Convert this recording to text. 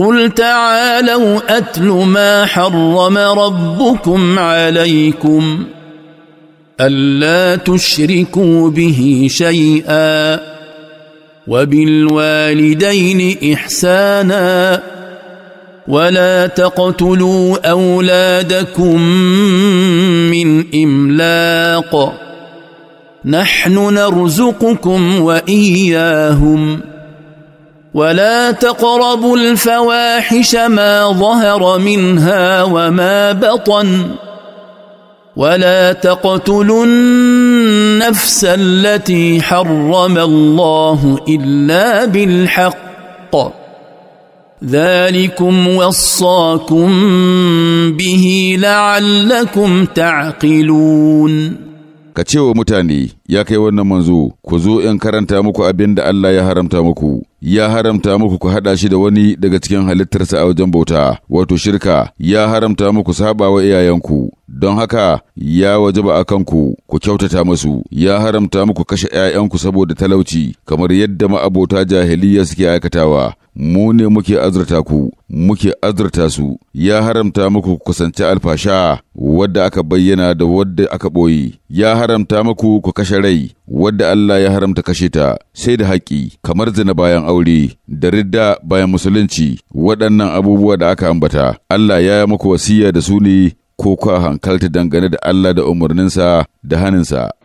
قل تعالوا اتل ما حرم ربكم عليكم الا تشركوا به شيئا وبالوالدين احسانا ولا تقتلوا اولادكم من املاق نحن نرزقكم واياهم ولا تقربوا الفواحش ما ظهر منها وما بطن ولا تقتلوا النفس التي حرم الله الا بالحق ذلكم وصاكم به لعلكم تعقلون كتشو متاني ya kai wannan manzo, ku zo in karanta muku abin da Allah ya haramta muku, ya haramta muku ku haɗa shi da wani daga cikin halittarsa a wajen bauta, wato shirka, ya haramta muku saba wa iyayenku, don haka ya wajaba a kanku ku kyautata musu, ya haramta muku kashe ‘ya'yanku saboda talauci, kamar yadda ma'abota jahiliya suke aikatawa, mu ne muke azurta ku, muke azurta su, ya haramta muku kusanci alfasha, wadda aka bayyana da wadda aka ɓoye, ya haramta muku ku kashe rai wadda Allah ya haramta kashe ta sai da haƙi kamar zina bayan aure da ridda bayan musulunci waɗannan abubuwa da aka ambata Allah ya yi muku wasiya da su ne ko ka hankalta dangane da Allah da umarninsa da haninsa